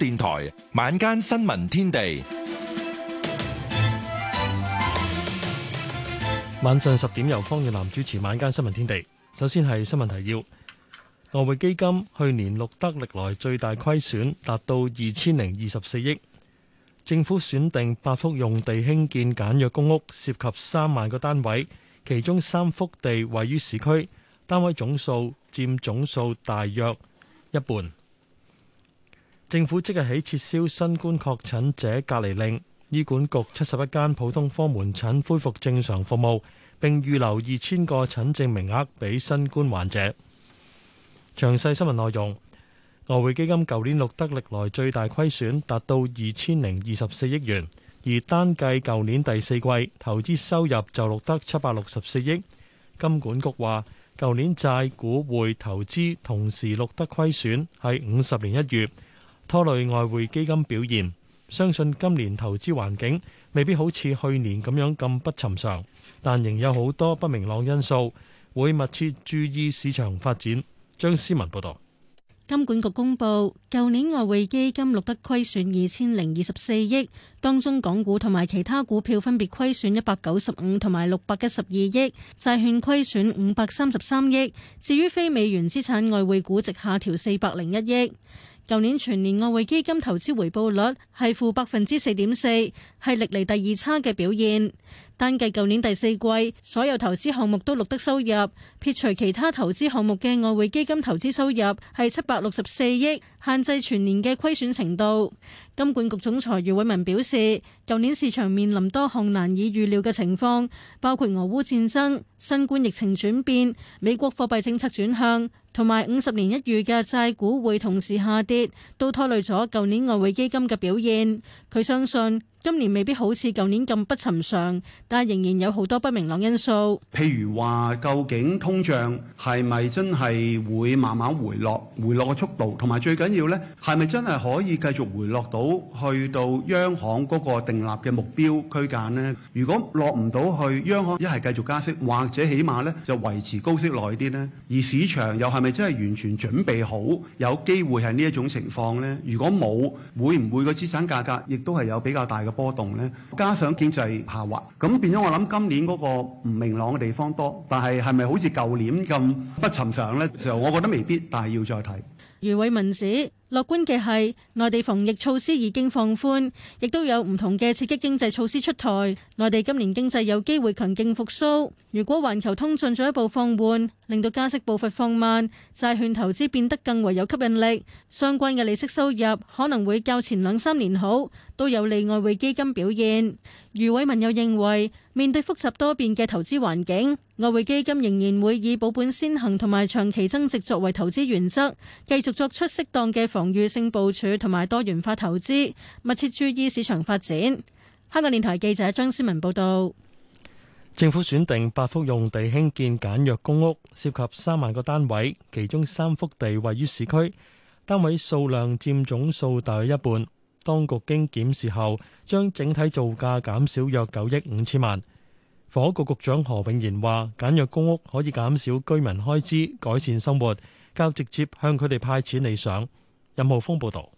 電台晚間新聞天地，晚上十點由方月南主持晚間新聞天地。首先係新聞提要：外匯基金去年錄得歷來最大虧損，達到二千零二十四億。政府選定八幅用地興建簡約公屋，涉及三萬個單位，其中三幅地位於市區，單位總數佔總數大約一半。政府即日起撤銷新冠確診者隔離令，醫管局七十一間普通科門診恢復正常服務，並預留二千個診症名額俾新冠患者。詳細新聞內容：外匯基金舊年錄得歷來最大虧損，達到二千零二十四億元，而單計舊年第四季投資收入就錄得七百六十四億。金管局話，舊年債股匯投資同時錄得虧損，係五十年一月。拖累外匯基金表現，相信今年投資環境未必好似去年咁樣咁不尋常，但仍有好多不明朗因素，會密切注意市場發展。張思文報導，金管局公布舊年外匯基金錄得虧損二千零二十四億，當中港股同埋其他股票分別虧損一百九十五同埋六百一十二億，債券虧損五百三十三億。至於非美元資產外匯估值下調四百零一億。舊年全年外匯基金投資回報率係負百分之四點四，係歷嚟第二差嘅表現。單計舊年第四季所有投資項目都錄得收入，撇除其他投資項目嘅外匯基金投資收入係七百六十四億，限制全年嘅虧損程度。金管局總裁余偉文表示，舊年市場面臨多項難以預料嘅情況，包括俄烏戰爭、新冠疫情轉變、美國貨幣政策轉向，同埋五十年一遇嘅債股匯同時下跌，都拖累咗舊年外匯基金嘅表現。佢相信，今年未必好似舊年咁不尋常，但係仍然有好多不明朗因素。譬如話，究竟通脹係咪真係會慢慢回落？回落嘅速度同埋最緊要咧，係咪真係可以繼續回落到去到央行嗰個定立嘅目標區間咧？如果落唔到去，央行一係繼續加息，或者起碼咧就維持高息耐啲咧。而市場又係咪真係完全準備好有機會係呢一種情況咧？如果冇，會唔會個資產價格亦都係有比較大嘅？波動咧，加上經濟下滑，咁變咗我諗今年嗰個唔明朗嘅地方多，但係係咪好似舊年咁不尋常咧？就我覺得未必，但係要再睇。余偉文指。樂觀嘅係，內地防疫措施已經放寬，亦都有唔同嘅刺激經濟措施出台。內地今年經濟有機會強勁復甦。如果環球通脹進一步放緩，令到加息步伐放慢，債券投資變得更為有吸引力，相關嘅利息收入可能會較前兩三年好，都有利外匯基金表現。余偉文又認為，面對複雜多變嘅投資環境，外匯基金仍然會以保本先行同埋長期增值作為投資原則，繼續作出適當嘅防。防禦性部署同埋多元化投資，密切注意市場發展。香港電台記者張思文報道。政府選定八幅用地興建簡約公屋，涉及三萬個單位，其中三幅地位於市區，單位數量佔總數大約一半。當局經檢視後，將整體造價減少約九億五千萬。房屋局局長何永賢話：簡約公屋可以減少居民開支，改善生活，較直接向佢哋派錢理想。任浩峰報道。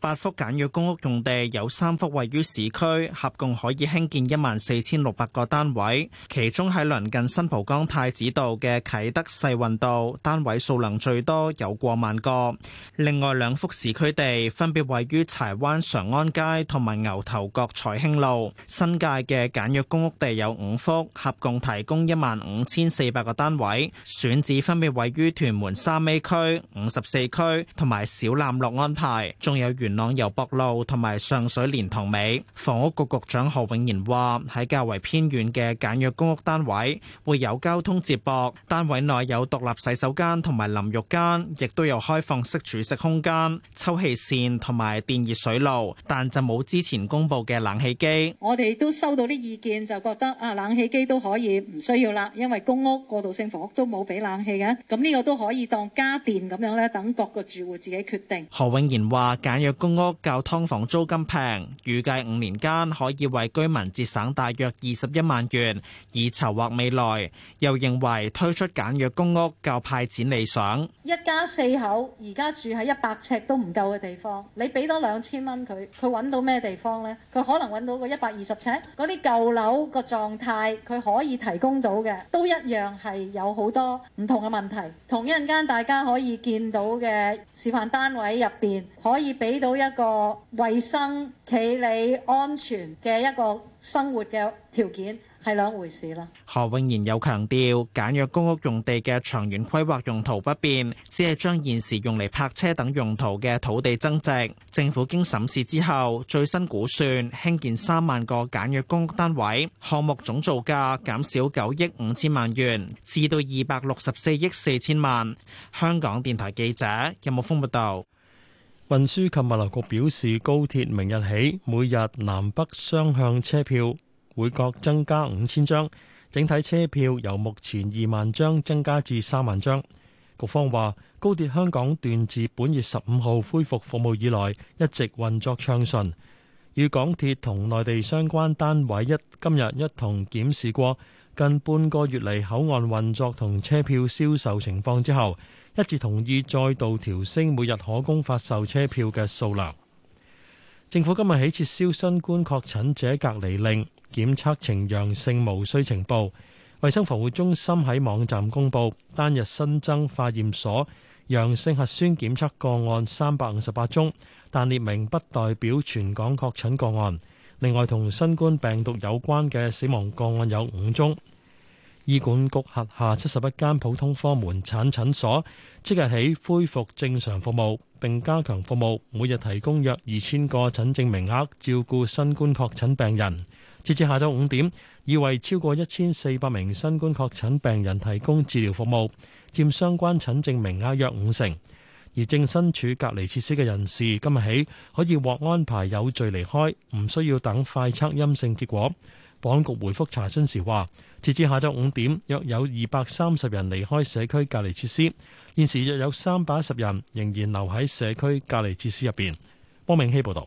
八幅簡約公屋用地有三幅位於市區，合共可以興建一萬四千六百個單位，其中喺鄰近新蒲崗太子道嘅啟德世運道，單位數量最多有過萬個。另外兩幅市區地分別位於柴灣常安街同埋牛頭角彩興路。新界嘅簡約公屋地有五幅，合共提供一萬五千四百個單位，選址分別位於屯門三 A 區、五十四區同埋小欖樂安排，仲有原，元朗攸壆路同埋上水蓮塘尾，房屋局局長何永賢話：喺較為偏遠嘅簡約公屋單位會有交通接駁，單位內有獨立洗手間同埋淋浴間，亦都有開放式煮食空間、抽氣扇同埋電熱水爐，但就冇之前公布嘅冷氣機。我哋都收到啲意見，就覺得啊，冷氣機都可以唔需要啦，因為公屋過渡性房屋都冇俾冷氣嘅，咁呢個都可以當家電咁樣咧，等各個住戶自己決定。何永賢話：簡約公屋較劏房租金平，預計五年間可以為居民節省大約二十一萬元，以籌劃未來。又認為推出簡約公屋較派錢理想。一家四口而家住喺一百尺都唔夠嘅地方，你俾多兩千蚊佢，佢揾到咩地方呢？佢可能揾到個一百二十尺。嗰啲舊樓個狀態，佢可以提供到嘅，都一樣係有好多唔同嘅問題。同一陣間大家可以見到嘅示範單位入邊，可以俾到。一個衞生、企理、安全嘅一個生活嘅條件係兩回事啦。何永賢又強調，簡約公屋用地嘅長遠規劃用途不變，只係將現時用嚟泊車等用途嘅土地增值。政府經審視之後，最新估算興建三萬個簡約公屋單位，項目總造價減少九億五千萬元，至到二百六十四億四千萬。香港電台記者任木峯報道。有運輸及物流局表示，高鐵明日起每日南北雙向車票會各增加五千張，整體車票由目前二萬張增加至三萬張。局方話，高鐵香港段自本月十五號恢復服，服務以來，一直運作暢順，與港鐵同內地相關單位一今日一同檢視過近半個月嚟口岸運作同車票銷售情況之後，一致同意再度調升每日可供發售車票嘅數量。政府今日起撤銷新冠確診者隔離令，檢測呈陽性無需呈報。衞生防護中心喺網站公布單日新增化驗所陽性核酸檢測個案三百五十八宗，但列明不代表全港確診個案。另外，同新冠病毒有關嘅死亡個案有五宗。醫管局轄下七十一間普通科門診診所即日起恢復正常服務，並加強服務，每日提供約二千個診症名額照顧新冠確診病人。截至下晝五點，已為超過一千四百名新冠確診病人提供治療服務，佔相關診症名額約五成。而正身處隔離設施嘅人士，今日起可以獲安排有序離開，唔需要等快測陰性結果。保安局回覆查詢時話，截至下晝五點，約有二百三十人離開社區隔離設施，現時約有三百一十人仍然留喺社區隔離設施入邊。汪明希報道。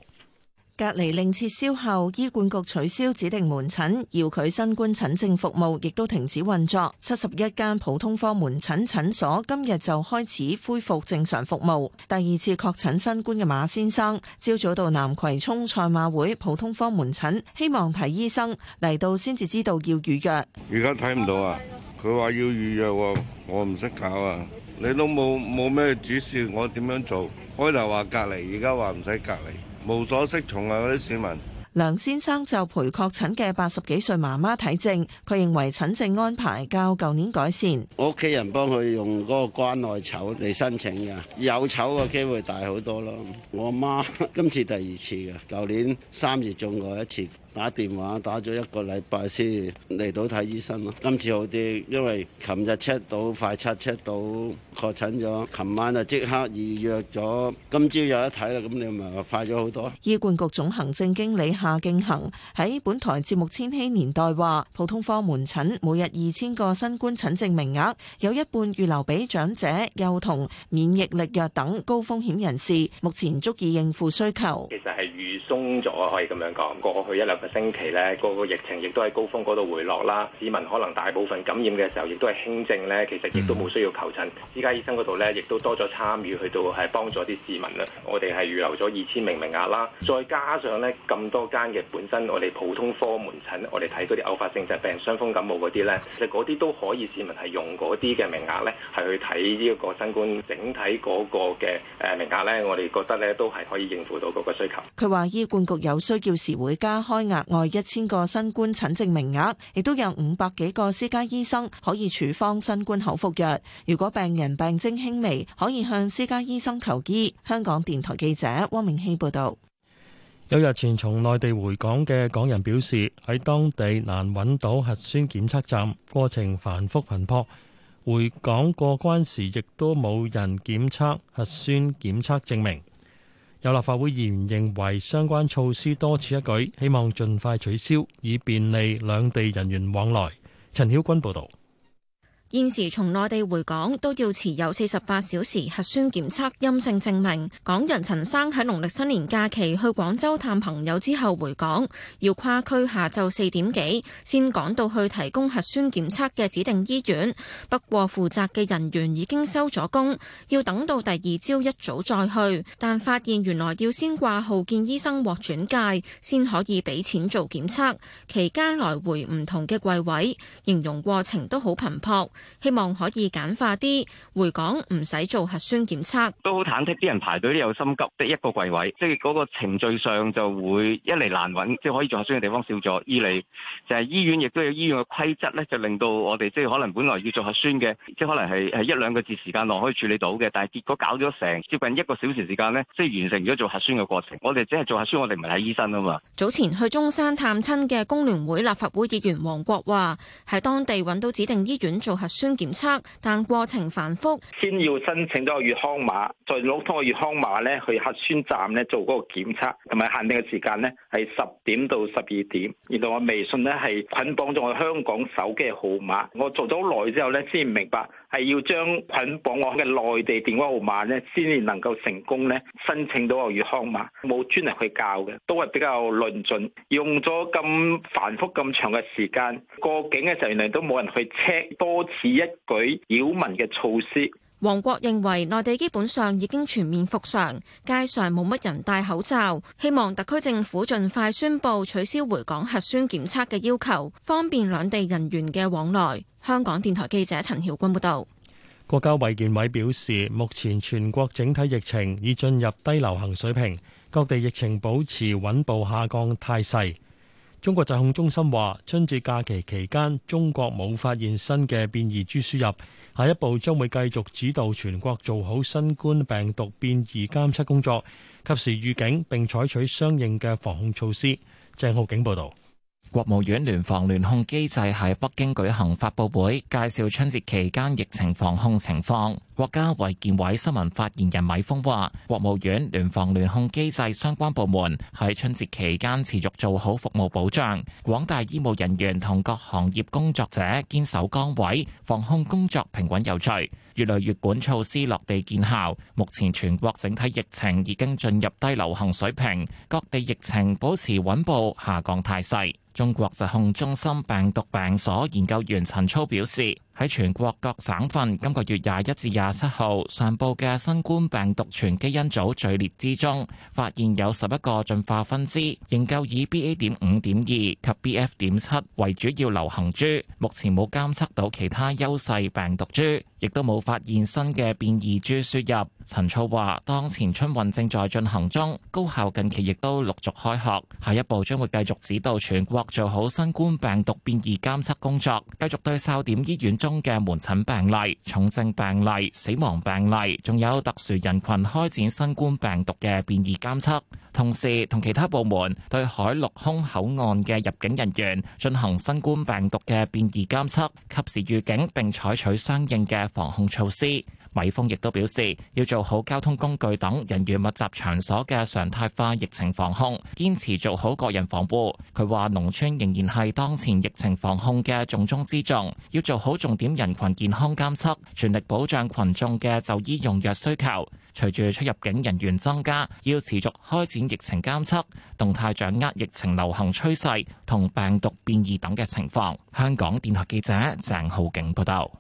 隔離令撤銷後，醫管局取消指定門診，要佢新冠診症服務亦都停止運作。七十一間普通科門診診所今日就開始恢復正常服務。第二次確診新冠嘅馬先生，朝早到南葵涌賽馬會普通科門診，希望睇醫生，嚟到先至知道要預約。而家睇唔到啊！佢話要預約喎，我唔識搞啊！你都冇冇咩指示我點樣做？開頭話隔離，而家話唔使隔離。無所適從啊！嗰啲市民，梁先生就陪確診嘅八十幾歲媽媽睇症，佢認為診症安排較舊年改善。我屋企人幫佢用嗰個關愛籌嚟申請嘅，有籌嘅機會大好多咯。我媽今次第二次嘅，舊年三月中過一次。打電話打咗一個禮拜先嚟到睇醫生咯。今次好啲，因為琴日 check 到快測 check 到確診咗，琴晚就即刻預約咗，今朝有得睇啦。咁你咪快咗好多。醫管局總行政經理夏敬恒喺本台節目《千禧年代》話，普通科門診每日二千個新冠診症名額，有一半預留俾長者、幼童、免疫力弱等高風險人士，目前足以應付需求。其實係預鬆咗，可以咁樣講，過去一兩星期咧，個個疫情亦都喺高峰嗰度回落啦。市民可能大部分感染嘅時候，亦都係輕症咧，其實亦都冇需要求診。依家醫生嗰度咧，亦都多咗參與去到係幫助啲市民啦。我哋係預留咗二千名名額啦，再加上咧咁多間嘅本身我哋普通科門診，我哋睇嗰啲偶發性疾病、傷風感冒嗰啲咧，其實嗰啲都可以市民係用嗰啲嘅名額咧，係去睇呢個新冠整體嗰個嘅誒名額咧。我哋覺得咧都係可以應付到嗰個需求。佢話醫管局有需要時會加開。額外一千個新冠診症名額，亦都有五百幾個私家醫生可以處方新冠口服藥。如果病人病徵輕微，可以向私家醫生求醫。香港電台記者汪明熙報道：有日前從內地回港嘅港人表示，喺當地難揾到核酸檢測站，過程繁複頻撲。回港過關時，亦都冇人檢測核酸檢測證明。有立法會議員認為相關措施多此一舉，希望盡快取消，以便利兩地人員往來。陳曉君報導。現時從內地回港都要持有四十八小時核酸檢測陰性證明。港人陳生喺農曆新年假期去廣州探朋友之後回港，要跨區下晝四點幾先趕到去提供核酸檢測嘅指定醫院。不過負責嘅人員已經收咗工，要等到第二朝一早再去。但發現原來要先掛號見醫生獲轉介，先可以俾錢做檢測。期間來回唔同嘅櫃位，形容過程都好頻撲。希望可以簡化啲回港唔使做核酸檢測，都好忐忑啲人排隊都有心急，即係一個櫃位，即係嗰個程序上就會一嚟難揾，即係可以做核酸嘅地方少咗；二嚟就係醫院亦都有醫院嘅規則咧，就令到我哋即係可能本來要做核酸嘅，即係可能係係一兩個字時間內可以處理到嘅，但係結果搞咗成接近一個小時時間咧，即係完成咗做核酸嘅過程。我哋只係做核酸，我哋唔係睇醫生啊嘛。早前去中山探親嘅工聯會立法會議員黃國話：喺當地揾到指定醫院做核酸。酸檢測，但過程繁複。先要申請咗個粵康碼，再攞通個粵康碼咧去核酸站咧做嗰個檢測，同埋限定嘅時間咧係十點到十二點。然後我微信咧係捆綁咗我香港手機號碼，我做咗好耐之後咧先明白。係要將捆綁我嘅內地電話號碼咧，先至能夠成功咧申請到個粵康碼。冇專人去教嘅，都係比較論盡。用咗咁繁複咁長嘅時間過境嘅時候，原來都冇人去 check 多此一舉擾民嘅措施。王國認為內地基本上已經全面復常，街上冇乜人戴口罩。希望特區政府盡快宣布取消回港核酸檢測嘅要求，方便兩地人員嘅往來。香港電台記者陳曉君報道，國家衛健委表示，目前全國整體疫情已進入低流行水平，各地疫情保持穩步下降態勢。中國疾控中心話，春節假期期間中國冇發現新嘅變異株輸入，下一步將會繼續指導全國做好新冠病毒變異監測工作，及時預警並采取相應嘅防控措施。鄭浩景報道。國務院聯防聯控機制喺北京舉行發布會，介紹春節期間疫情防控情況。國家衛健委新聞發言人米峰話，國務院聯防聯控機制相關部門喺春節期間持續做好服務保障，廣大醫務人員同各行業工作者堅守崗位，防控工作平穩有序。越嚟越管措施落地見效，目前全國整體疫情已經進入低流行水平，各地疫情保持穩步下降態勢，中國疾控中心病毒病所研究員陳操表示。喺全國各省份今個月廿一至廿七號上報嘅新冠病毒全基因組序列之中，發現有十一個進化分支，仍舊以 BA. 點五點二及 BF. 點七為主要流行株。目前冇監測到其他優勢病毒株，亦都冇發現新嘅變異株輸入。陳操話：當前春運正在進行中，高校近期亦都陸續開學，下一步將會繼續指導全國做好新冠病毒變異監測工作，繼續對哨點醫院中嘅門診病例、重症病例、死亡病例，仲有特殊人群開展新冠病毒嘅變異監測，同時同其他部門對海陸空口岸嘅入境人員進行新冠病毒嘅變異監測，及時預警並採取相應嘅防控措施。米峰亦都表示，要做好交通工具等人員密集場所嘅常態化疫情防控，堅持做好個人防護，佢話農村仍然係當前疫情防控嘅重中之重，要做好重點人群健康監測，全力保障群眾嘅就醫用藥需求。隨住出入境人員增加，要持續開展疫情監測，動態掌握疫情流行趨勢同病毒變異等嘅情況，香港電台記者鄭浩景報道。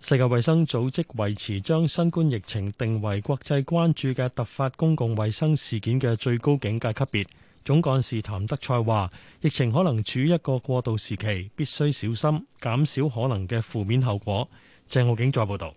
世界衛生組織維持將新冠疫情定為國際關注嘅突發公共衛生事件嘅最高警戒級別。總幹事譚德賽話，疫情可能處於一個過渡時期，必須小心，減少可能嘅負面後果。鄭浩景再報道，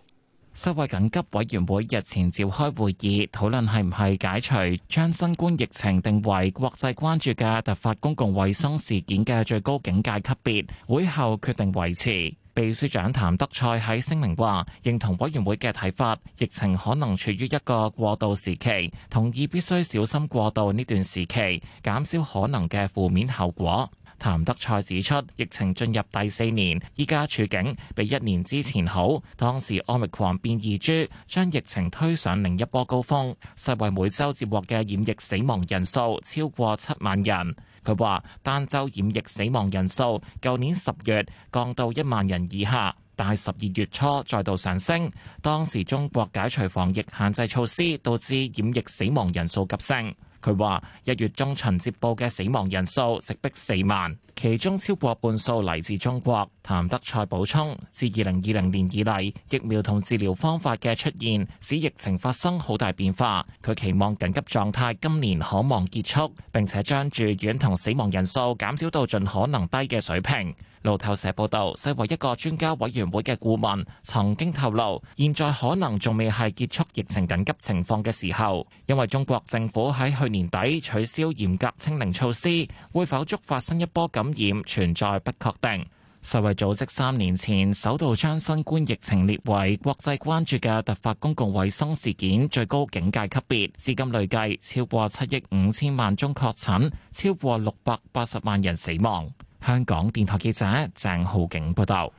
世衛緊急委員會日前召開會議，討論係唔係解除將新冠疫情定為國際關注嘅突發公共衛生事件嘅最高警戒級別。會後決定維持。秘書長譚德塞喺聲明話，認同委員會嘅睇法，疫情可能處於一個過渡時期，同意必須小心過渡呢段時期，減少可能嘅負面效果。譚德塞指出，疫情進入第四年，依家處境比一年之前好，當時奧密克戎變異株將疫情推上另一波高峰，世衛每周接獲嘅染疫死亡人數超過七萬人。佢話：單周染疫死亡人數，舊年十月降到一萬人以下，但係十二月初再度上升，當時中國解除防疫限制措施，導致染疫死亡人數急升。佢話：一月中旬接報嘅死亡人數直逼四萬，其中超過半數嚟自中國。譚德塞補充，自二零二零年以嚟，疫苗同治療方法嘅出現，使疫情發生好大變化。佢期望緊急狀態今年可望結束，並且將住院同死亡人數減少到盡可能低嘅水平。路透社報道，世衛一個專家委員會嘅顧問曾經透露，現在可能仲未係結束疫情緊急情況嘅時候，因為中國政府喺去年底取消嚴格清零措施，會否觸發新一波感染存在不確定。世衛組織三年前首度將新冠疫情列為國際關注嘅突發公共衛生事件最高警戒級別，至今累計超過七億五千萬宗確診，超過六百八十萬人死亡。香港電台記者，鄭浩景報道。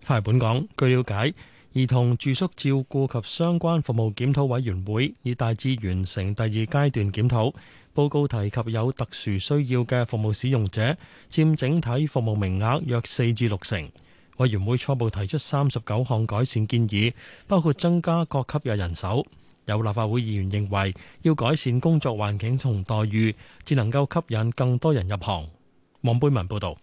返嚟本港，據了解，兒童住宿照顧及相關服務檢討委員會，已大致完成第二階段檢討，報告提及有特殊需要嘅服務使用者，佔整體服務名額約四至六成。委員會初步提出三十九項改善建議，包括增加各級嘅人手。有立法會議員認為，要改善工作環境同待遇，至能夠吸引更多人入行。望貝文報道，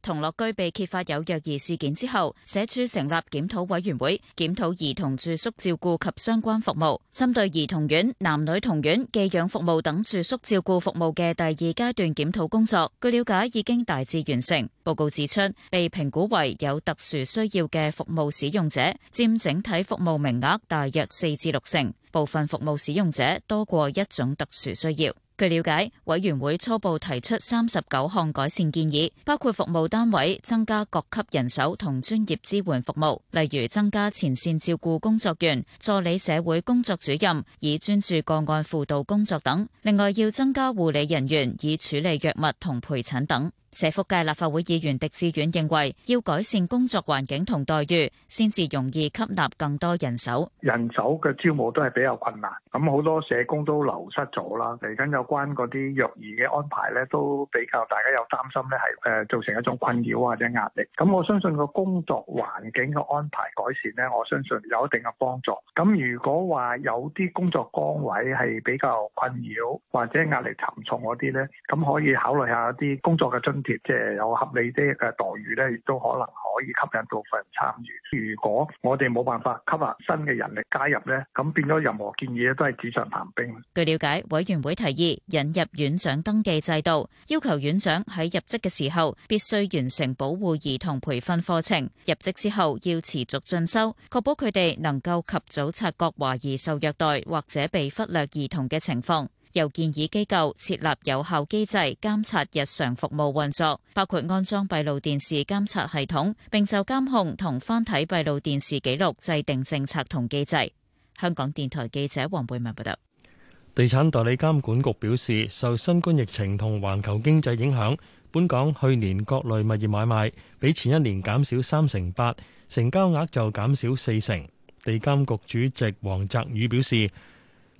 同樂居被揭發有虐兒事件之後，社署成立檢討委員會，檢討兒童住宿照顧及相關服務。針對兒童院、男女童院、寄養服務等住宿照顧服務嘅第二階段檢討工作，據了解已經大致完成。報告指出，被評估為有特殊需要嘅服務使用者佔整體服務名額大約四至六成，部分服務使用者多過一種特殊需要。據了解，委員會初步提出三十九項改善建議，包括服務單位增加各級人手同專業支援服務，例如增加前線照顧工作員、助理社會工作主任，以專注個案輔導工作等；另外要增加護理人員，以處理藥物同陪診等。社福界立法會議員狄志遠認為，要改善工作環境同待遇，先至容易吸納更多人手。人手嘅招募都係比較困難，咁好多社工都流失咗啦。嚟緊有關嗰啲弱兒嘅安排咧，都比較大家有擔心咧，係誒造成一種困擾或者壓力。咁我相信個工作環境嘅安排改善咧，我相信有一定嘅幫助。咁如果話有啲工作崗位係比較困擾或者壓力沉重嗰啲咧，咁可以考慮一下啲工作嘅進即係有合理啲嘅待遇咧，亦都可能可以吸引部分人參與。如果我哋冇辦法吸納新嘅人力加入咧，咁變咗任何建議咧都係紙上談兵。據了解，委員會提議引入院長登記制度，要求院長喺入職嘅時候必須完成保護兒童培訓課程，入職之後要持續進修，確保佢哋能夠及早察覺懷疑受虐待或者被忽略兒童嘅情況。又建議機構設立有效機制監察日常服務運作，包括安裝閉路電視監察系統，並就監控同翻睇閉路電視記錄制定政策同機制。香港電台記者黃貝文報道。地產代理監管局表示，受新冠疫情同環球經濟影響，本港去年各類物業買賣比前一年減少三成八，成交額就減少四成。地監局主席黃澤宇表示。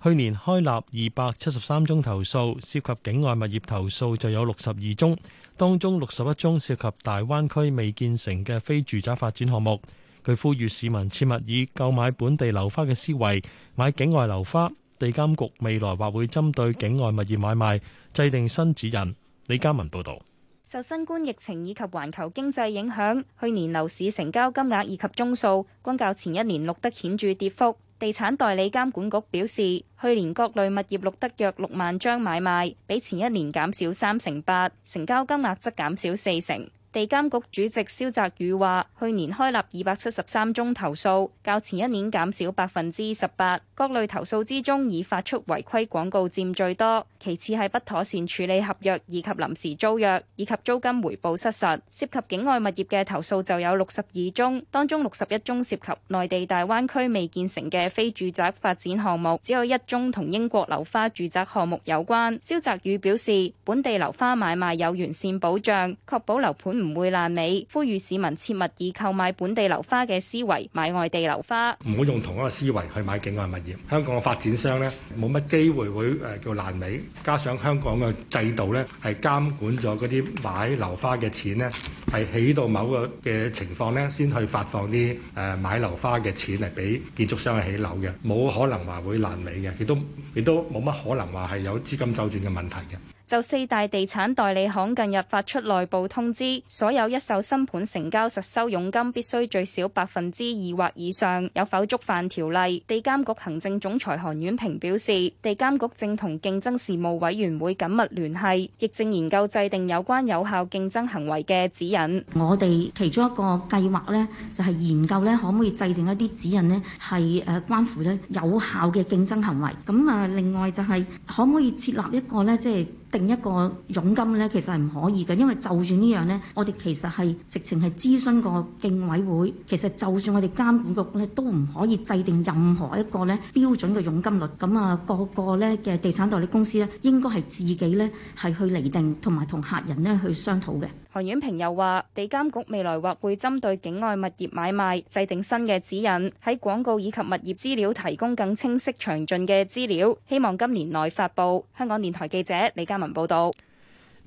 去年開立二百七十三宗投訴，涉及境外物業投訴就有六十二宗，當中六十一宗涉及大灣區未建成嘅非住宅發展項目。佢呼籲市民切勿以購買本地樓花嘅思維買境外樓花，地監局未來或會針對境外物業買賣制定新指引。李嘉文報導。受新冠疫情以及環球經濟影響，去年樓市成交金額以及宗數均較前一年錄得顯著跌幅。地產代理監管局表示，去年各類物業錄得約六萬張買賣，比前一年減少三成八，成交金額則減少四成。地監局主席肖澤宇話：去年開立二百七十三宗投訴，較前一年減少百分之十八。各類投訴之中，以發出違規廣告佔最多，其次係不妥善處理合約以及臨時租約以及租金回報失實。涉及境外物業嘅投訴就有六十二宗，當中六十一宗涉及內地大灣區未建成嘅非住宅發展項目，只有一宗同英國樓花住宅項目有關。肖澤宇表示，本地樓花買賣有完善保障，確保樓盤。唔會爛尾，呼籲市民切勿以購買本地樓花嘅思維買外地樓花，唔好用同一個思維去買境外物業。香港嘅發展商呢，冇乜機會會誒叫爛尾，加上香港嘅制度呢，係監管咗嗰啲買樓花嘅錢呢，係起到某個嘅情況呢，先去發放啲誒買樓花嘅錢嚟俾建築商去起樓嘅，冇可能話會爛尾嘅，亦都亦都冇乜可能話係有資金周轉嘅問題嘅。就四大地產代理行近日發出內部通知，所有一手新盤成交實收佣金必須最少百分之二或以上，有否觸犯條例？地監局行政總裁韓婉平表示，地監局正同競爭事務委員會緊密聯繫，亦正研究制定有關有效競爭行為嘅指引。我哋其中一個計劃咧，就係研究咧，可唔可以制定一啲指引咧，係誒關乎咧有效嘅競爭行為，咁啊，另外就係可唔可以設立一個咧，即係。定一個佣金呢，其實係唔可以嘅，因為就算呢樣呢，我哋其實係直情係諮詢過競委會，其實就算我哋監管局咧，都唔可以制定任何一個呢標準嘅佣金率。咁啊，個個呢嘅地產代理公司呢應該係自己呢係去厘定同埋同客人呢去商討嘅。韓婉平又話：地監局未來或會針對境外物業買賣制定新嘅指引，喺廣告以及物業資料提供更清晰詳盡嘅資料，希望今年內發佈。香港電台記者李嘉。文報道，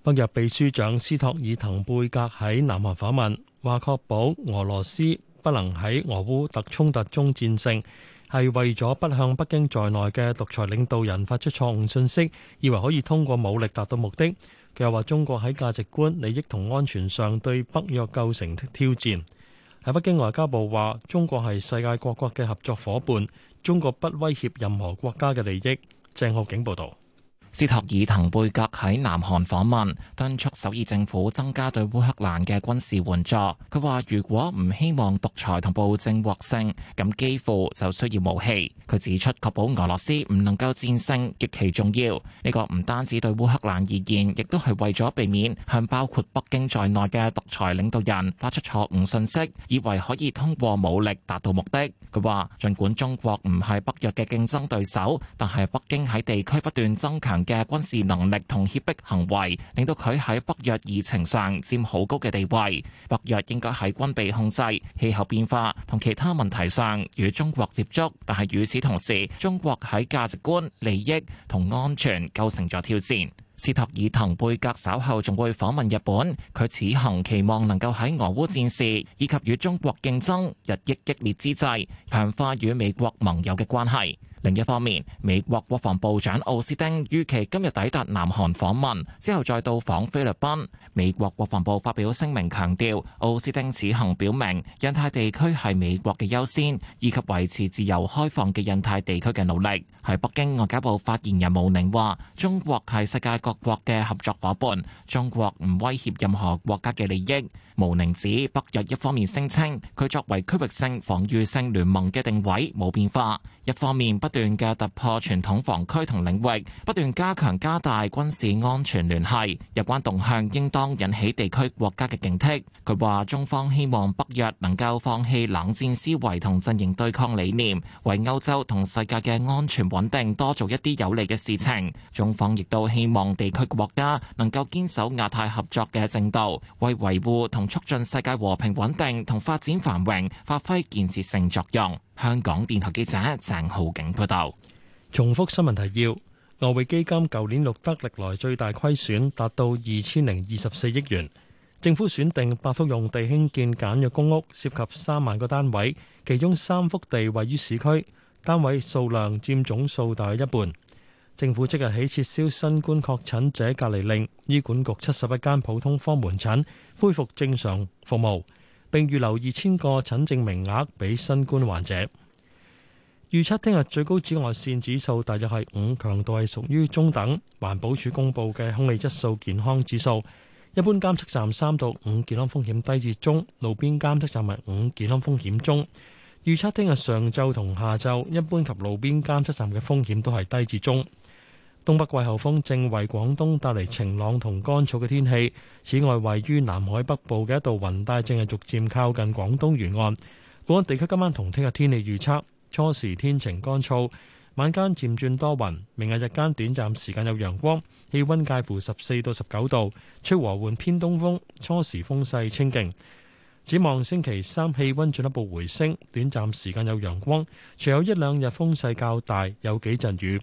北約秘書長斯托爾滕貝格喺南韓訪問，話確保俄羅斯不能喺俄烏特衝突中戰勝，係為咗不向北京在內嘅獨裁領導人發出錯誤信息，以為可以通過武力達到目的。佢又話中國喺價值觀、利益同安全上對北約構成的挑戰。喺北京外交部話，中國係世界各國嘅合作夥伴，中國不威脅任何國家嘅利益。鄭浩景報道。斯托爾滕貝格喺南韓訪問，敦促首爾政府增加對烏克蘭嘅軍事援助。佢話如果唔希望獨裁同暴政獲勝，咁幾乎就需要武器。佢指出，確保俄羅斯唔能夠戰勝極其重要。呢個唔單止對烏克蘭而言，亦都係為咗避免向包括北京在內嘅獨裁領導人發出錯誤信息，以為可以通過武力達到目的。佢話，盡管中國唔係北約嘅競爭對手，但係北京喺地區不斷增強。嘅軍事能力同脅迫行為，令到佢喺北約議程上佔好高嘅地位。北約應該喺軍備控制、氣候變化同其他問題上與中國接觸，但係與此同時，中國喺價值觀、利益同安全構成咗挑戰。斯托爾滕貝格稍後仲會訪問日本，佢此行期望能夠喺俄烏戰事以及與中國競爭日益激烈之際，強化與美國盟友嘅關係。另一方面，美國國防部長奧斯汀預期今日抵達南韓訪問，之後再到訪菲律賓。美國國防部發表聲明強調，奧斯汀此行表明印太地區係美國嘅優先，以及維持自由開放嘅印太地區嘅努力。喺北京，外交部發言人毛寧話，中國係世界各國嘅合作伙伴，中國唔威脅任何國家嘅利益。毛寧指北約一方面聲稱佢作為區域性防禦性聯盟嘅定位冇變化。一方面不斷嘅突破傳統防區同領域，不斷加強加大軍事安全聯繫有關動向應當引起地區國家嘅警惕。佢話中方希望北約能夠放棄冷戰思維同陣營對抗理念，為歐洲同世界嘅安全穩定多做一啲有利嘅事情。中方亦都希望地區國家能夠堅守亞太合作嘅正道，為維護同促進世界和平穩定同發展繁榮發揮建設性作用。香港電台記者鄭浩景報道：重複新聞提要。外匯基金舊年錄得歷來最大虧損，達到二千零二十四億元。政府選定八幅用地興建簡約公屋，涉及三萬個單位，其中三幅地位於市區，單位數量佔總數大約一半。政府即日起撤銷新冠確診者隔離令，醫管局七十一間普通科門診恢復正常服務。並預留二千個診症名額俾新冠患者。預測聽日最高紫外線指數大約係五，強度係屬於中等。環保署公布嘅空氣質素健康指數，一般監測站三到五，健康風險低至中，路邊監測站係五，健康風險中。預測聽日上晝同下晝，一般及路邊監測站嘅風險都係低至中。東北季候風正為廣東帶嚟晴朗同乾燥嘅天氣。此外，位於南海北部嘅一道雲帶正係逐漸靠近廣東沿岸。本港地區今晚同聽日天氣預測：初時天晴乾燥，晚間漸轉多雲。明日日間短暫時間有陽光，氣溫介乎十四到十九度，吹和緩偏東風，初時風勢清勁。展望星期三，氣溫進一步回升，短暫時間有陽光，隨後一兩日風勢較大，有幾陣雨。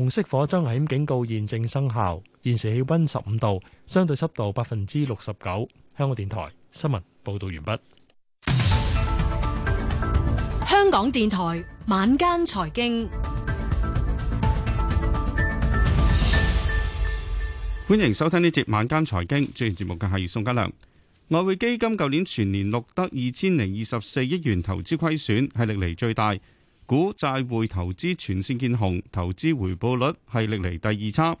紅色火災危險警告現正生效，現時氣溫十五度，相對濕度百分之六十九。香港電台新聞報道完畢。香港電台晚間財經，歡迎收聽呢節晚間財經。主持節目嘅係宋家良。外匯基金舊年全年錄得二千零二十四億元投資虧損，係歷嚟最大。股債匯投資全線見紅，投資回報率係歷嚟第二差。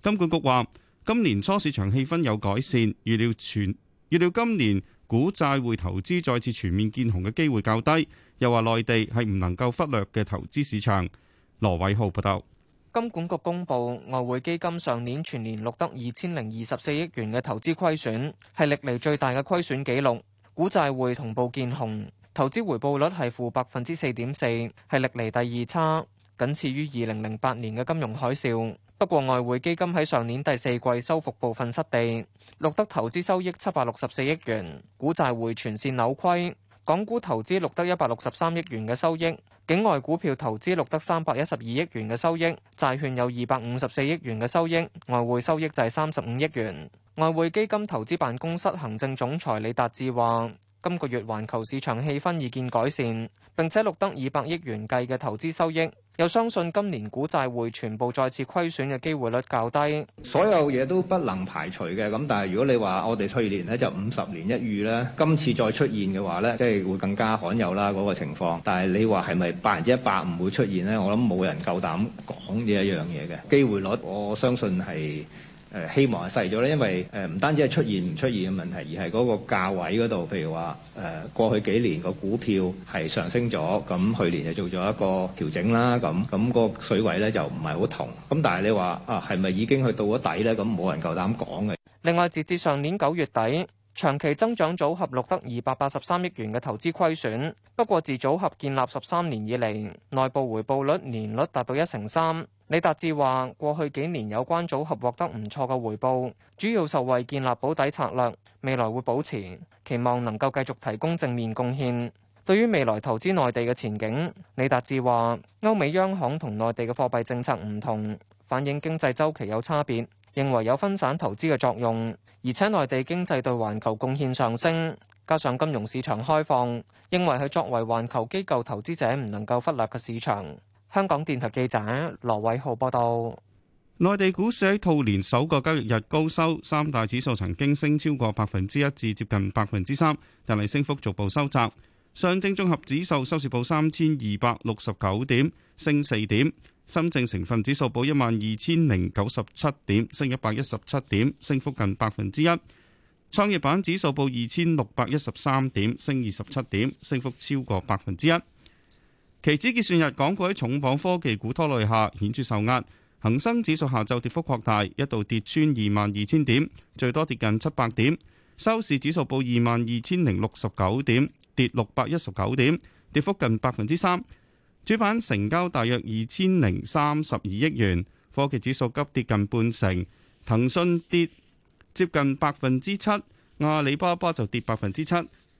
金管局話：今年初市場氣氛有改善，預料全預料今年股債匯投資再次全面見紅嘅機會較低。又話內地係唔能夠忽略嘅投資市場。羅偉浩報道。金管局公佈外匯基金上年全年錄得二千零二十四億元嘅投資虧損，係歷嚟最大嘅虧損記錄。股債匯同步見紅。投資回報率係負百分之四點四，係歷嚟第二差，僅次於二零零八年嘅金融海嘯。不過外匯基金喺上年第四季收復部分失地，錄得投資收益七百六十四億元。股債匯全線扭虧，港股投資錄得一百六十三億元嘅收益，境外股票投資錄得三百一十二億元嘅收益，債券有二百五十四億元嘅收益，外匯收益就係三十五億元。外匯基金投資辦公室行政總裁李達志話。今個月環球市場氣氛已見改善，並且錄得二百億元計嘅投資收益，又相信今年股債會全部再次虧損嘅機會率較低。所有嘢都不能排除嘅，咁但係如果你話我哋去年呢，就五十年一遇啦，今次再出現嘅話呢，即係會更加罕有啦，嗰個情況。但係你話係咪百分之一百唔會出現呢？我諗冇人夠膽講呢一樣嘢嘅機會率，我相信係。誒希望係細咗咧，因為誒唔單止係出現唔出現嘅問題，而係嗰個價位嗰度，譬如話誒、呃、過去幾年個股票係上升咗，咁去年就做咗一個調整啦，咁咁、個水位咧就唔係好同，咁但係你話啊係咪已經去到咗底咧？咁冇人夠膽講嘅。另外，截至上年九月底，長期增長組合錄得二百八十三億元嘅投資虧損，不過自組合建立十三年以嚟，內部回報率年率達到一成三。李達志話：過去幾年有關組合獲得唔錯嘅回報，主要受惠建立保底策略，未來會保持，期望能夠繼續提供正面貢獻。對於未來投資內地嘅前景，李達志話：歐美央行同內地嘅貨幣政策唔同，反映經濟周期有差別。認為有分散投資嘅作用，而且內地經濟對環球貢獻上升，加上金融市場開放，認為係作為環球機構投資者唔能夠忽略嘅市場。香港電台記者羅偉浩報道。內地股市喺兔年首個交易日高收，三大指數曾經升超過百分之一至接近百分之三，但係升幅逐步收窄。上證綜合指數收市報三千二百六十九點，升四點。深證成分指數報一萬二千零九十七點，升一百一十七點，升幅近百分之一。創業板指數報二千六百一十三點，升二十七點，升幅超過百分之一。期指結算日，港股喺重磅科技股拖累下，顯著受壓。恒生指數下晝跌幅擴大，一度跌穿二萬二千點，最多跌近七百點。收市指數報二萬二千零六十九點，跌六百一十九點，跌幅近百分之三。主板成交大約二千零三十二億元，科技指數急跌近半成，騰訊跌接近百分之七，阿里巴巴就跌百分之七，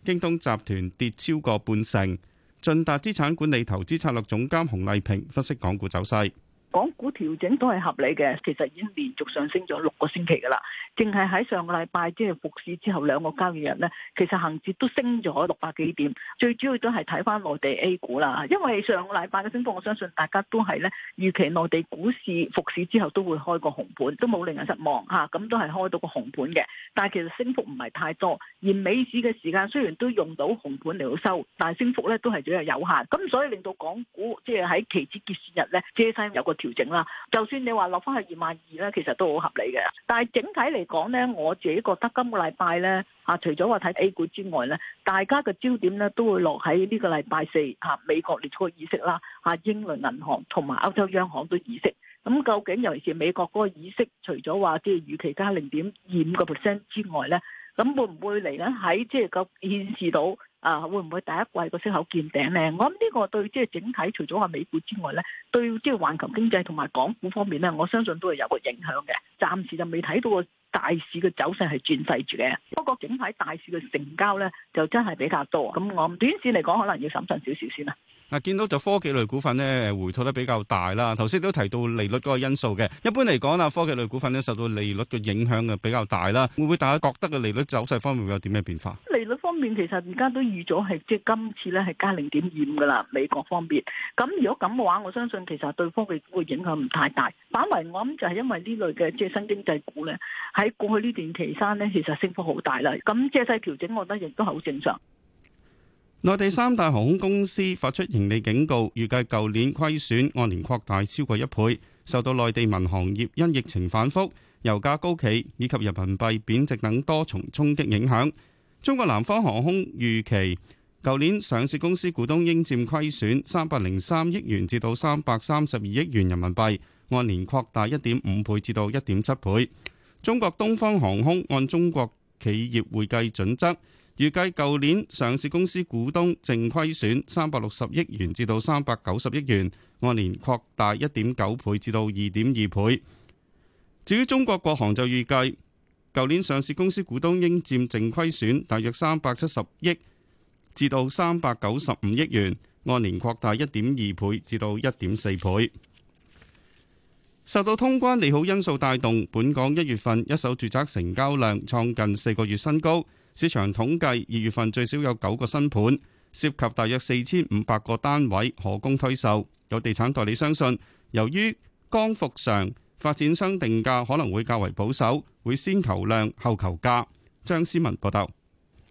京東集團跌超過半成。駿達資產管理投資策略總監洪麗萍分析港股走勢。港股調整都係合理嘅，其實已經連續上升咗六個星期㗎喇，淨係喺上個禮拜即係復市之後兩個交易日呢，其實恆指都升咗六百幾點。最主要都係睇返內地 A 股啦，因為上個禮拜嘅升幅，我相信大家都係呢預期內地股市復市之後都會開個紅盤，都冇令人失望嚇，咁、啊、都係開到個紅盤嘅。但係其實升幅唔係太多，而美市嘅時間雖然都用到紅盤嚟到收，但係升幅呢都係比較有限。咁所以令到港股即係喺期指結算日呢，即係有個。調整啦，就算你話落返去二萬二咧，其實都好合理嘅。但係整體嚟講咧，我自己覺得今個禮拜咧，啊，除咗話睇 A 股之外咧，大家嘅焦點咧都會落喺呢個禮拜四啊，美國列個議息啦，啊，英倫銀行同埋歐洲央行都議息。咁究竟尤其是美國嗰個議息，除咗話即係預期加零點二五個 percent 之外咧，咁會唔會嚟緊喺即係個顯示到？啊，會唔會第一季個息口見頂咧？我諗呢個對即係、就是、整體，除咗話美股之外咧，對即係、就是、環球經濟同埋港股方面咧，我相信都係有個影響嘅。暫時就未睇到個。大市嘅走勢係轉細住嘅，不過整體大市嘅成交咧就真係比較多。咁我短線嚟講，可能要審慎少少先啦。嗱，見到就科技類股份咧回吐得比較大啦。頭先都提到利率嗰個因素嘅，一般嚟講啦，科技類股份咧受到利率嘅影響嘅比較大啦。會唔會大家覺得嘅利率走勢方面會有啲咩變化？利率方面其實而家都預咗係即係今次咧係加零點二五㗎啦，美國方面。咁如果咁嘅話，我相信其實對科技股嘅影響唔太大。反為我諗就係因為呢類嘅即係新經濟股咧係。喺過去呢段期間呢，其實升幅好大啦。咁借勢調整，我覺得亦都係好正常。內地三大航空公司發出盈利警告，預計舊年虧損按年擴大超過一倍，受到內地民航業因疫情反復、油價高企以及人民幣貶值等多重衝擊影響。中國南方航空預期舊年上市公司股東應佔虧損三百零三億元至到三百三十二億元人民幣，按年擴大一點五倍至到一點七倍。中國東方航空，按中國企業會計準則，預計舊年上市公司股東淨虧損三百六十億元至到三百九十億元，按年擴大一點九倍至到二點二倍。至於中國國航就預計，舊年上市公司股東應占淨虧損大約三百七十億至到三百九十五億元，按年擴大一點二倍至到一點四倍。受到通關利好因素帶動，本港一月份一手住宅成交量創近四個月新高。市場統計，二月份最少有九個新盤，涉及大約四千五百個單位可供推售。有地產代理相信，由於剛復常發展商定價可能會較為保守，會先求量後求價。張思文報道。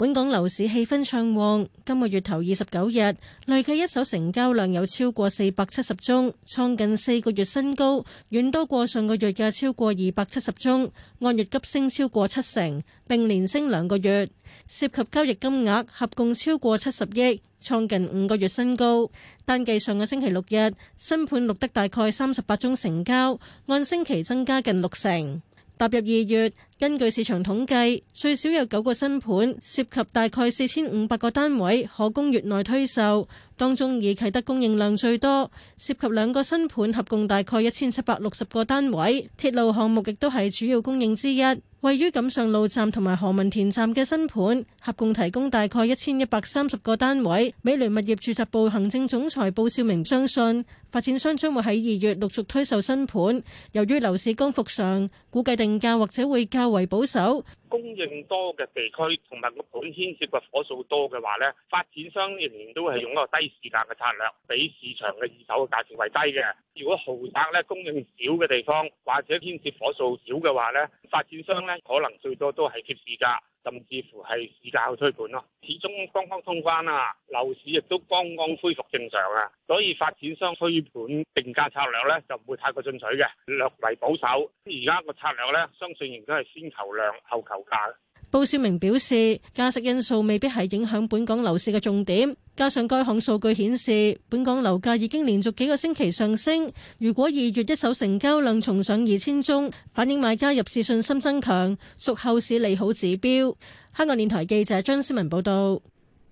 本港樓市氣氛暢旺，今個月頭二十九日累計一手成交量有超過四百七十宗，創近四個月新高，遠多過上個月嘅超過二百七十宗，按月急升超過七成，並連升兩個月，涉及交易金額合共超過七十億，創近五個月新高。單計上個星期六日，新盤錄得大概三十八宗成交，按星期增加近六成。踏入二月，根據市場統計，最少有九個新盤涉及，大概四千五百個單位可供月內推售。當中，以啟德供應量最多，涉及兩個新盤合共大概一千七百六十個單位。鐵路項目亦都係主要供應之一，位於錦上路站同埋何文田站嘅新盤合共提供大概一千一百三十個單位。美聯物業住宅部行政總裁布少明相信。發展商將會喺二月陸續推售新盤，由於樓市剛復常，估計定價或者會較為保守。供應多嘅地區同埋個盤牽涉嘅火數多嘅話咧，發展商仍然都係用一個低市價嘅策略，比市場嘅二手嘅價錢為低嘅。如果豪宅咧供應少嘅地方，或者牽涉火數少嘅話咧，發展商咧可能最多都係貼市價。甚至乎係市價去推盤咯，始終剛剛通關啦，樓市亦都剛剛恢復正常啊，所以發展商推盤定價策略咧就唔會太過進取嘅，略為保守。而家個策略咧，相信應該係先求量後求價。布少明表示，加息因素未必係影響本港樓市嘅重點，加上該項數據顯示，本港樓價已經連續幾個星期上升。如果二月一手成交量重上二千宗，反映買家入市信心增強，屬後市利好指標。香港電台記者張思文報道，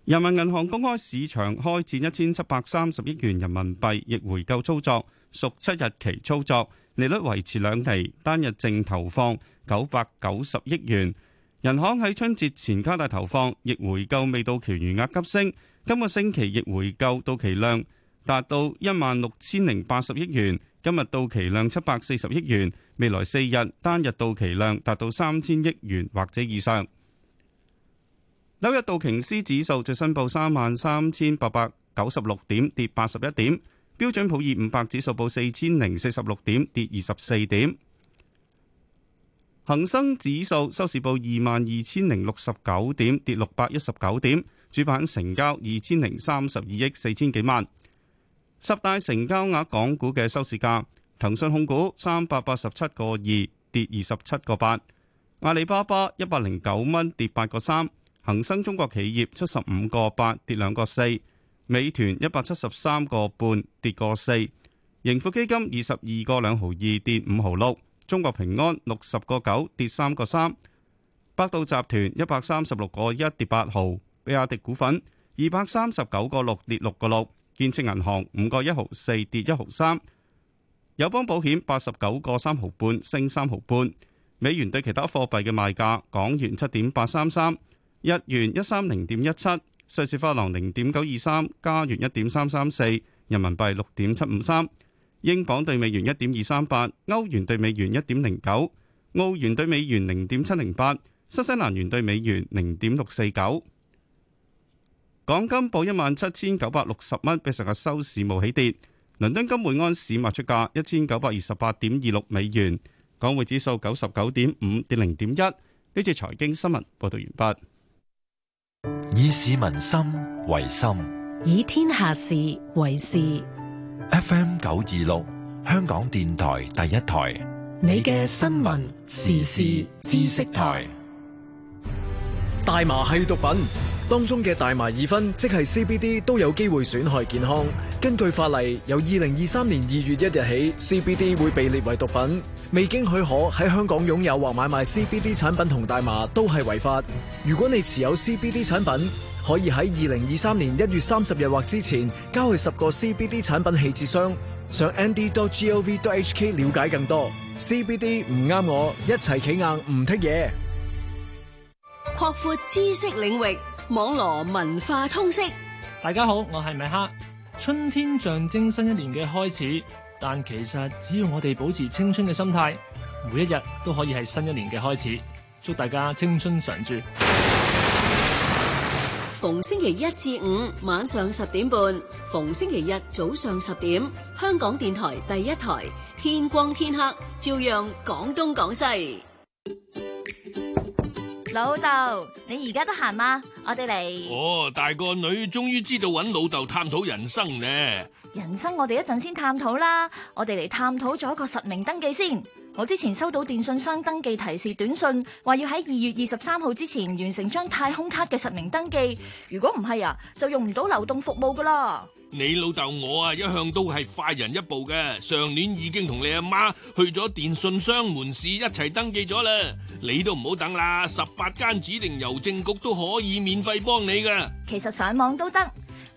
人民銀行公開市場開展一千七百三十億元人民幣逆回購操作，屬七日期操作，利率維持兩厘，單日淨投放九百九十億元。人行喺春節前加大投放，逆回購未到期餘額急升。今個星期逆回購到期量達到一萬六千零八十億元，今日到期量七百四十億元，未來四日單日到期量達到三千億元或者以上。紐約道瓊斯指數最新報三萬三千八百九十六點，跌八十一點；標準普爾五百指數報四千零四十六點，跌二十四點。恒生指數收市報二萬二千零六十九點，跌六百一十九點。主板成交二千零三十二億四千幾萬。十大成交額港股嘅收市價：騰訊控股三百八十七個二，跌二十七個八；阿里巴巴一百零九蚊，跌八個三；恒生中國企業七十五個八，跌兩個四；美團一百七十三個半，跌個四；盈富基金二十二個兩毫二，跌五毫六。中國平安六十個九跌三個三，百度集團一百三十六個一跌八毫，比亞迪股份二百三十九個六跌六個六，建設銀行五個一毫四跌一毫三，友邦保險八十九個三毫半升三毫半，美元對其他貨幣嘅賣價：港元七點八三三，日元一三零點一七，瑞士法郎零點九二三，加元一點三三四，人民幣六點七五三。英鎊兌美元一點二三八，歐元兌美元一點零九，澳元兌美元零點七零八，新西蘭元兌美元零點六四九。港金報一萬七千九百六十蚊，比上日收市冇起跌。倫敦金每盎司賣出價一千九百二十八點二六美元。港匯指數九十九點五跌零點一。呢次財經新聞報道完畢。以市民心為心，以天下事為事。F M 九二六香港電台第一台，你嘅新聞時事知識台。大麻係毒品，當中嘅大麻二酚，即係 C B D 都有機會損害健康。根據法例，由二零二三年二月一日起，C B D 會被列為毒品。未經許可喺香港擁有或買賣 C B D 產品同大麻都係違法。如果你持有 C B D 產品，可以喺二零二三年一月三十日或之前交去十個 CBD 產品棄置箱，上 nd.gov.hk 了解更多。CBD 唔啱我，一齊企硬唔剔嘢。擴闊知識領域，網羅文化通識。大家好，我係米哈。春天象徵新一年嘅開始，但其實只要我哋保持青春嘅心態，每一日都可以係新一年嘅開始。祝大家青春常駐。逢星期一至五晚上十點半，逢星期日早上十點，香港電台第一台，天光天黑照樣講東講西。老豆，你而家得閒嗎？我哋嚟。哦，大個女終於知道搵老豆探討人生咧。人生我哋一陣先探討啦，我哋嚟探討咗一個實名登記先。我之前收到電信商登記提示短信，話要喺二月二十三號之前完成張太空卡嘅實名登記。如果唔係啊，就用唔到流動服務噶啦。你老豆我啊，一向都係快人一步嘅，上年已經同你阿媽去咗電信商門市一齊登記咗啦。你都唔好等啦，十八間指定郵政局都可以免費幫你噶。其實上網都得。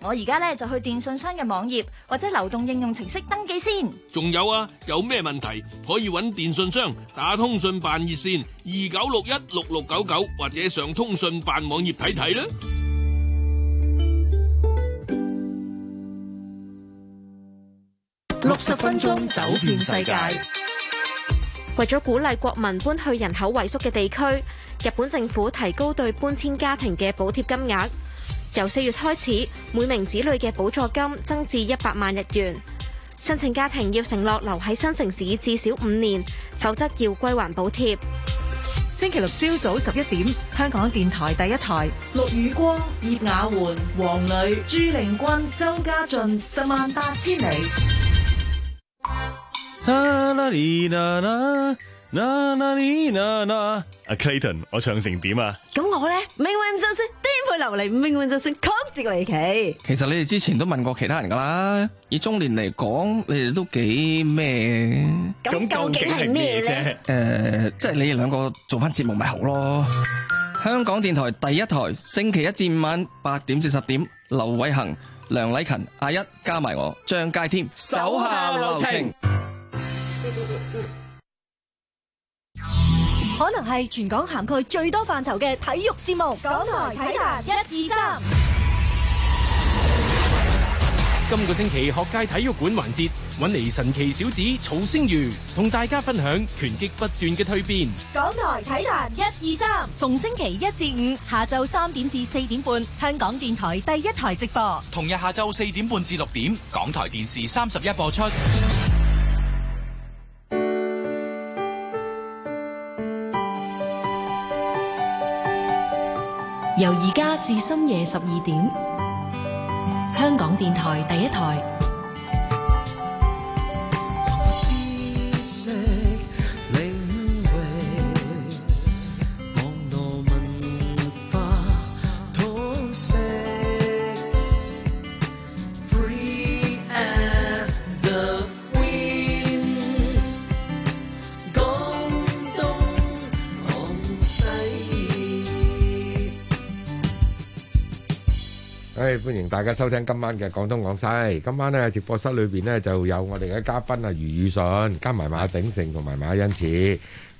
我而家咧，就去電信商嘅網頁或者流動應用程式登記先。仲有啊，有咩問題可以搵電信商打通訊辦熱線二九六一六六九九，或者上通訊辦網頁睇睇啦。六十分鐘走遍世界。為咗鼓勵國民搬去人口萎縮嘅地區，日本政府提高對搬遷家庭嘅補貼金額。由四月開始，每名子女嘅補助金增至一百萬日元。申請家庭要承諾留喺新城市至少五年，否則要歸還補貼。星期六朝早十一點，香港電台第一台。陸雨光、葉雅媛、黃磊、朱玲君、周家俊，十萬八千里。啦啦啦啦啦嗱嗱你嗱嗱阿 Clayton，我唱成點啊？咁我咧，命運就算顛沛流離，命運就算曲折離奇。其實你哋之前都問過其他人噶啦，以中年嚟講，你哋都幾咩？咁究竟係咩啫？誒，即係你哋兩個做翻節目咪好咯。香港電台第一台，星期一至五晚八點至十點，劉偉恆、梁禮勤、阿一加埋我張佳添，手下留情。可能係全港涵蓋最多範疇嘅體育節目，港台體壇一、二、三。今個星期學界體育館環節，揾嚟神奇小子曹星如同大家分享拳擊不斷嘅蛻變。港台體壇一、二、三，逢星期一至五下晝三點至四點半，香港電台第一台直播。同日下晝四點半至六點，港台電視三十一播出。由而家至深夜十二點，香港電台第一台。歡迎大家收聽今晚嘅廣東廣西。今晚咧，直播室裏邊咧就有我哋嘅嘉賓啊，余宇信加埋馬鼎盛同埋馬欣慈。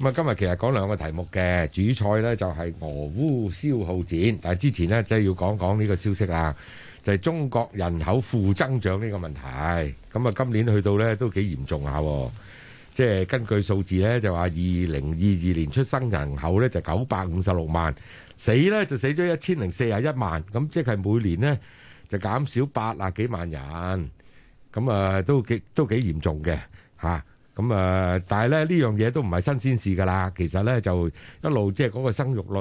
咁啊，今日其實講兩個題目嘅，主菜咧就係俄烏消耗戰。但係之前咧，即係要講講呢個消息啊，就係中國人口負增長呢個問題。咁啊，今年去到咧都幾嚴重下，即係根據數字咧就話，二零二二年出生人口咧就九百五十六萬，死咧就死咗一千零四十一萬，咁即係每年咧。就減少八啊幾萬人，咁啊都幾都幾嚴重嘅嚇，咁啊但係咧呢樣嘢都唔係新鮮事㗎啦，其實咧就一路即係、就是、個生育率。